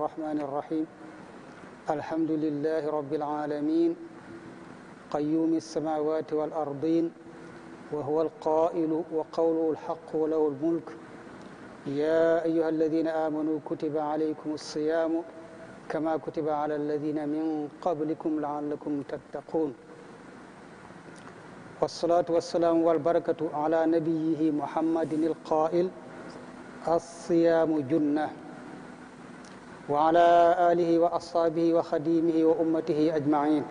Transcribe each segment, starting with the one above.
الرحمن الرحيم الحمد لله رب العالمين قيوم السماوات والأرضين وهو القائل وقوله الحق وله الملك يا أيها الذين آمنوا كتب عليكم الصيام كما كتب على الذين من قبلكم لعلكم تتقون والصلاة والسلام والبركة على نبيه محمد القائل الصيام جنه waala alihi wa asxaabihi wa xadimihi wa ajmain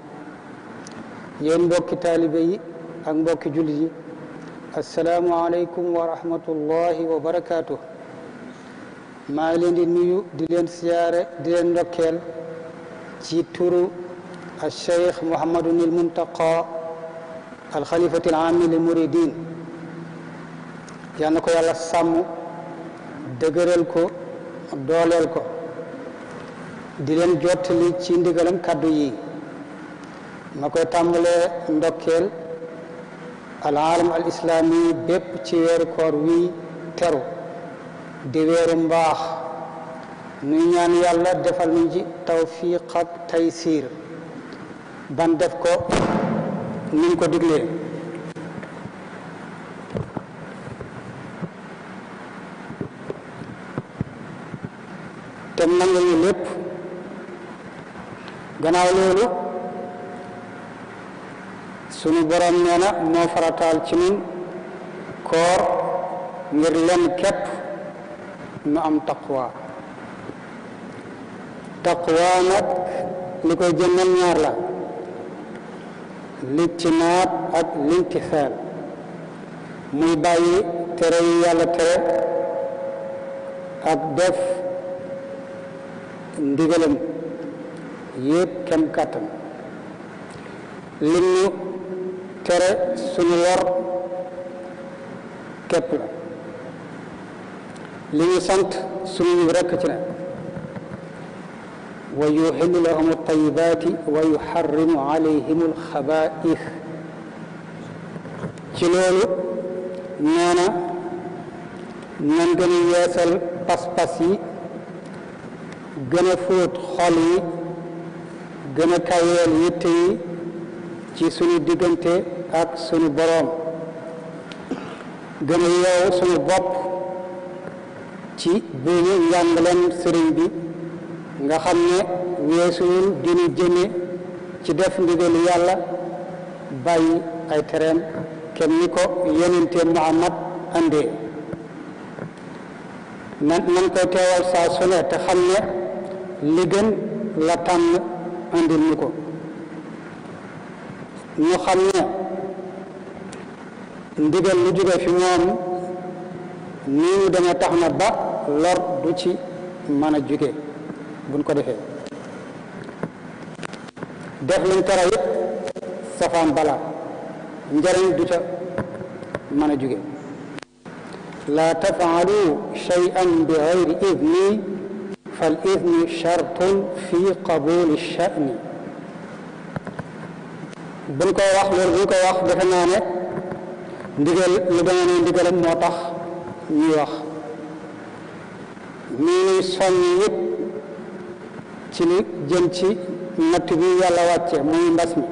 yéen mbokki taalibe yi ak mbokki wa rahmatullahi wa barakaatu maa di nuyu di leen siyaare di leen ndokkeel ci turu alcheikh mohamadun il muntaqa alxalifati al li muridin yal na ko yàlla sàmm dëgëral ko dooleel ko di leen jottali ci ndigalam kàddu yi ma koy tàmbalee ndokkeel al aalam al islaami bépp ci weeru koor wi teru di weeru mbaax nuy ñaan yàlla defal nu ci tawfiq taysiir ban def ko niñ ko diglee te nangu ñu lépp gannaaw loolu sunu borom nee na moo farataal ci nun koor ngir len képp nu am taqwa taqwa nag li koy jëmmal ñaar la lijtinaab ak limtisaal muy bàyyi tere yi yàlla tere ak def ndigalam yépp kem kàttan lim tere suñu lor képp sant suñu yiw rekk ci ne wa yuxillu lahum altayibaati wa yuxarrimu alayhim alxabaa'is ci a yeesal pas-pas yi gën a fóot xol gën a kaweel yitte yi ci sunu diggante ak sunu boroom gën a yeew bopp ci buumu njàngaleem sëriñ bi nga xam ne weesuwul dinu jëme ci def ndigalu yàlla bàyyi ay tereem kenn ni ko yonente Muhammad andee nan nan koy teewal saa su ne te xam ne li gën la tànn indil ñu ko ñu xam ne ndigal lu jóge fi moom nii ñu tax na ba lor du ci mën a jóge buñ ko defee def lañ tere yëpp safaan bala njariñ du ca mën a jóge laa tafaalu shay'an bi gayri idni فالإذن شرط في قبول الشأن buñ koy wax loolu buñ wax defe naa ne ndigal lu dama ne ndigalam moo tax ñuy wax ñu ngi soññ ci li jëm ci natt bi yàlla wàcce muy mbas mi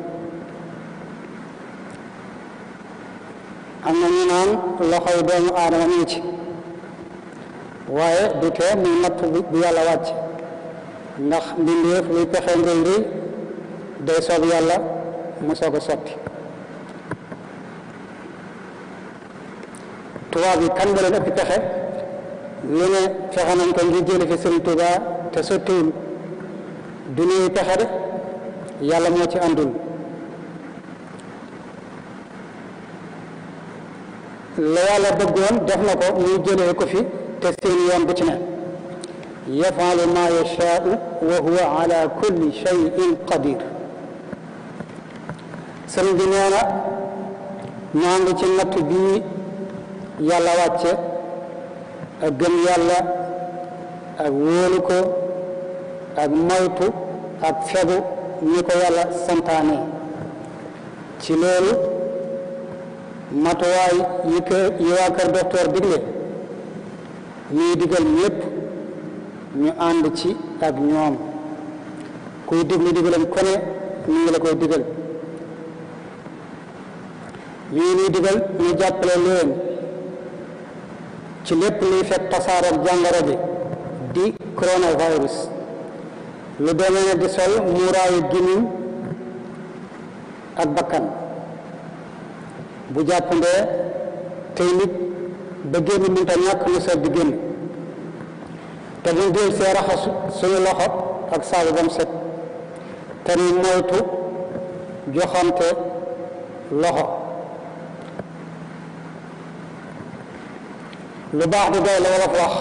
am na ñu naan loxoy doomu aadama mi ngi ci waaye du tee muy natt bi bu yàlla wàcc ndax mbindeef luy pexe ngay rëy day soob yàlla mu soog a sotti tubaab yi kan nga leen ëpp pexe lu ne fexe nañ ko ngir jële fi Sëriñ Tuubaa te sottiwul du nuy pexe de yàlla moo ci àndul la yàlla bëggoon def na ko muy jële ko fi te seen yoon bu ci ne yafalu ma yashaau wa huwa ala qadir sëriñ bi nee na ñoo ngi bii yàlla wàcce ak gëm yàlla ak wóolu ko ak moytu ak fegu ñi ko yàlla santaane ci yi waa kër docteur digle ñuy digal ñëpp ñu ànd ci ak ñoom kuy diglu digalam kone ñu ngi la koy digal ñii digal ñu jàppale leen ci lépp luy fekk tasaaroog jàngoro bi di coronavirus lu doone ne di sol muuraayu gémmiñ ak bakkan bu jàppandee tey nit ba génn mënta ñàkk mu set di te ñu del see raxas suñu loxo ak saabu ba mu set te ñu moytu joxante loxo lu baax du doy la wolof wax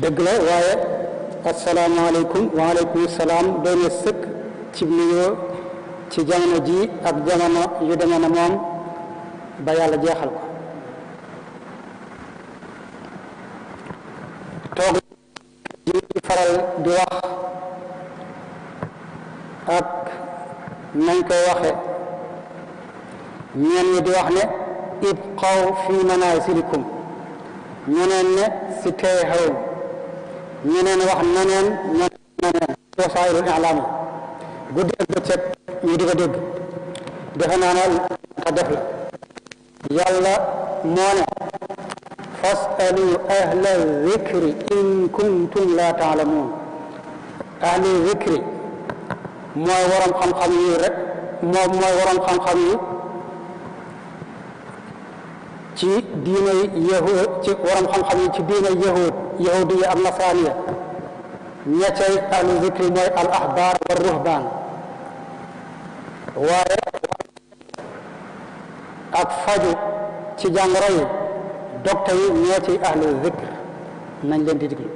dëgg la waaye asalaamaaleykum waaleykum salaam doy na sëkk ci nuyoo ci jamono ji ak jamono yu demee na moom ba yàlla jeexal faral di wax ak nañ koy waxe ñeen ñi di wax ne ibqaw fi manasilikum ñeneen ne si tey xew ñeneen wax neneen ñeneen neneen wasaayilul ilaama guddi ak bëccëg ñu di ko defe naa ne ta def la yàlla فاسألوا أهل الذكر إن كنتم لا تعلمون أهل الذكر mooy waroom xam-xam yi rek moom mooy waroom xam-xam yi ci diinay yahud ci waroom xam-xam yi ci diinay yahud yahudiya ak nasraniya ña cay ahlu zikri mooy al ahbar wa ruhbaan waaye ak faju ci jàngoro yi docta yi ñoo ci ahlu zikr nañ leen di diglu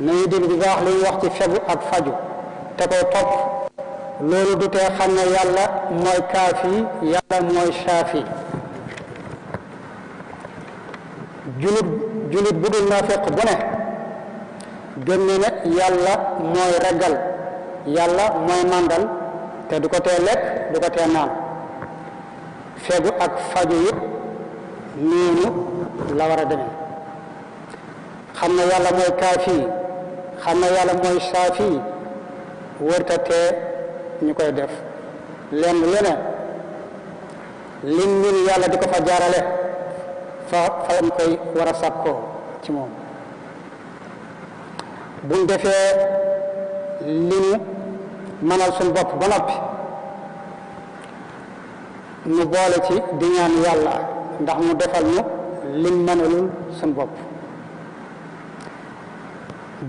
nañu déglu bu baax li wax ci fegu ak faju te koy topp loolu du tee xam ne yàlla mooy kaafi yàlla mooy shaafi julit julit bu dul naafeq bu ne gëm ne yàlla mooy reggal yàlla mooy màndal te du ko tee lekk du ko tee naan fegu ak faju yëpp noonu la war a demee xam na yàlla mooy kaafi xam na yàlla mooy saafi wërta tee ñu koy def lenn lu ne liñ yàlla di ko fa jaarale fa fayam koy war a sàkkoo ci moom buñ defee li ñu mënal suñu bopp ba noppi nu boole ci di ñaan yàlla ndax mu defal nu liñ mënalul suñ bopp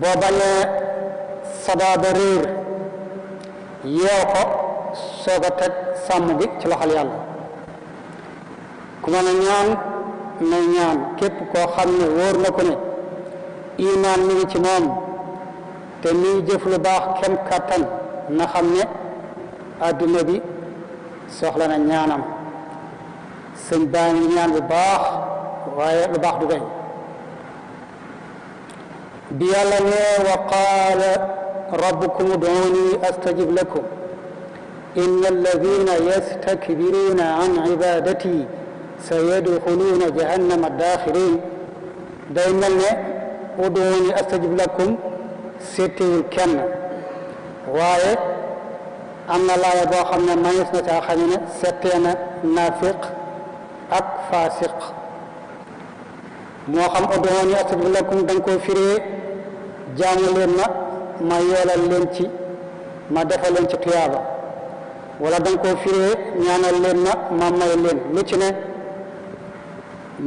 boo bañee sabaaba réer ko soog a teg sàmm bi ci loxol yàlla ku mën a ñaan na ñaan képp koo xam ne wóor na ko ne imaan mi ngi ci moom te mi ngi jëf lu baax kem kàttan na xam ne adduna bi soxla na ñaanam sëñ baa ngi ñaan bu baax waaye lu baax du doy bi yàlla ne wa qaala rabbukum ud'uuni astajib lakum inna alladina yastakbiruna an ibadati sayadxuluuna jahannama daaxirin day mel ne ud'uuni astajib lakum seetewul kenn waaye am na laaya boo xam ne manis na caa xami ne settee na naafiq ak faasiq moo xam ud'uuni astajib lakum da nga koo firee jaamu leen ma ma yoolal leen ci ma defal leen ci tuyaaba wala da nga koo firee ñaanal leen ma ma may leen lu ci ne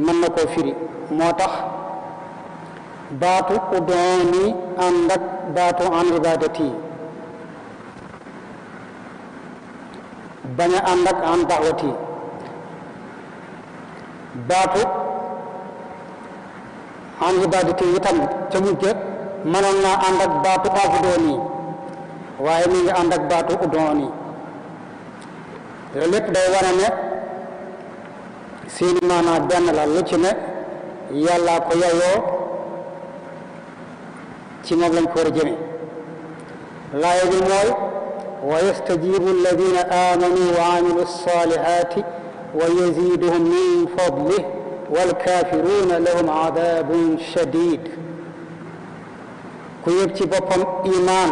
mën na koo firi moo tax baatu ud'uuni ànd ak baatu an ibaadati bañ a ànd ak an daawati baatu an ibaadati itam ca mujj mënoon naa ànd ak baatu abdooni waaye mi ngi lépp day wane ne seeni benn la lu ci ne yàllaa ko yayoo ci moom lañ ko war a mooy ويستجيب الذين آمنوا وعملوا الصالحات ويزيدهم من فضله والكافرون لهم عذاب شديد ku yëg ci boppam imaan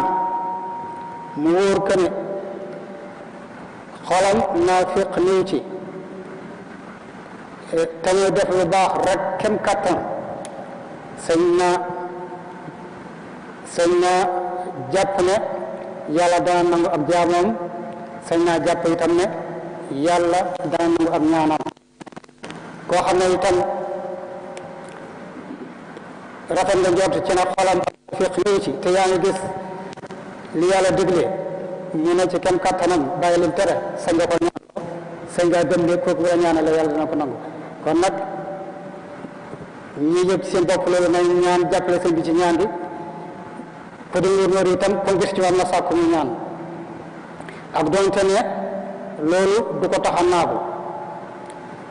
mu wóor ko ne xolam naafiq niw ci te muy def lu baax rek kem kattan sañ naa sañ naa jàpp ne yàlla dana nangu ab jaamoom sañ naa jàpp itam ne yàlla dana nangu ab ñaanam koo xam ne itam rafet nga njort ci na xolam fiq ñëw ci te yaa ngi gis li yàlla digle ñu ne ci kem kattanam bàyyi lim tere sañ nga ko la ñaanale yàlla dana ko nangu kon nag ñi yëpp seen bopp loolu nañ ñaan jàppale sëñ bi ci ñaan te du ngóor-ngóor itam gis ci war na sàkku ñu ñaan ak doonte ne loolu du ko tax a naagu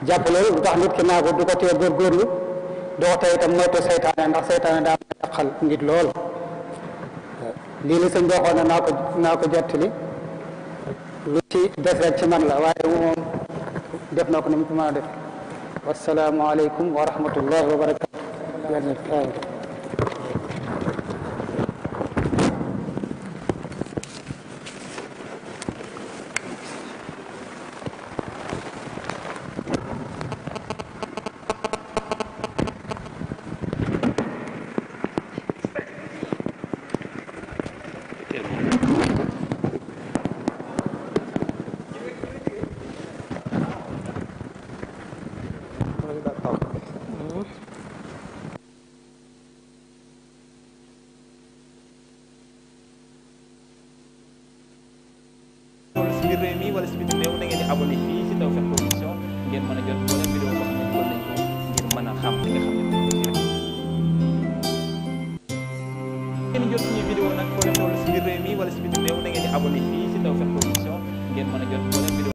jàpp loolu du naagu du ko tee góorgóorlu du ko tee itam moytu seytaane ndax seytaane daa may yàqal nit lool lii la sëñ bi waxoon ne naa ko naa ko ci des rek ci man la waaye moom def naa ko ni mu ko mën a def wasalaamualeykum wa rahmatullah wa barakatu biir réew mi wala si bitim réew da ngeen di abonné fii si Tawfekh Production ngeen mën a jot wala vidéo boo xam ne dugal nañ ko ngir mën a xam li nga xam ne ngeen jot suñu vidéo nag foo leen toll si biir réew mi wala si bitim réew da ngeen di abonné fii si Tawfekh Production ngeen mën a jot wala vidéo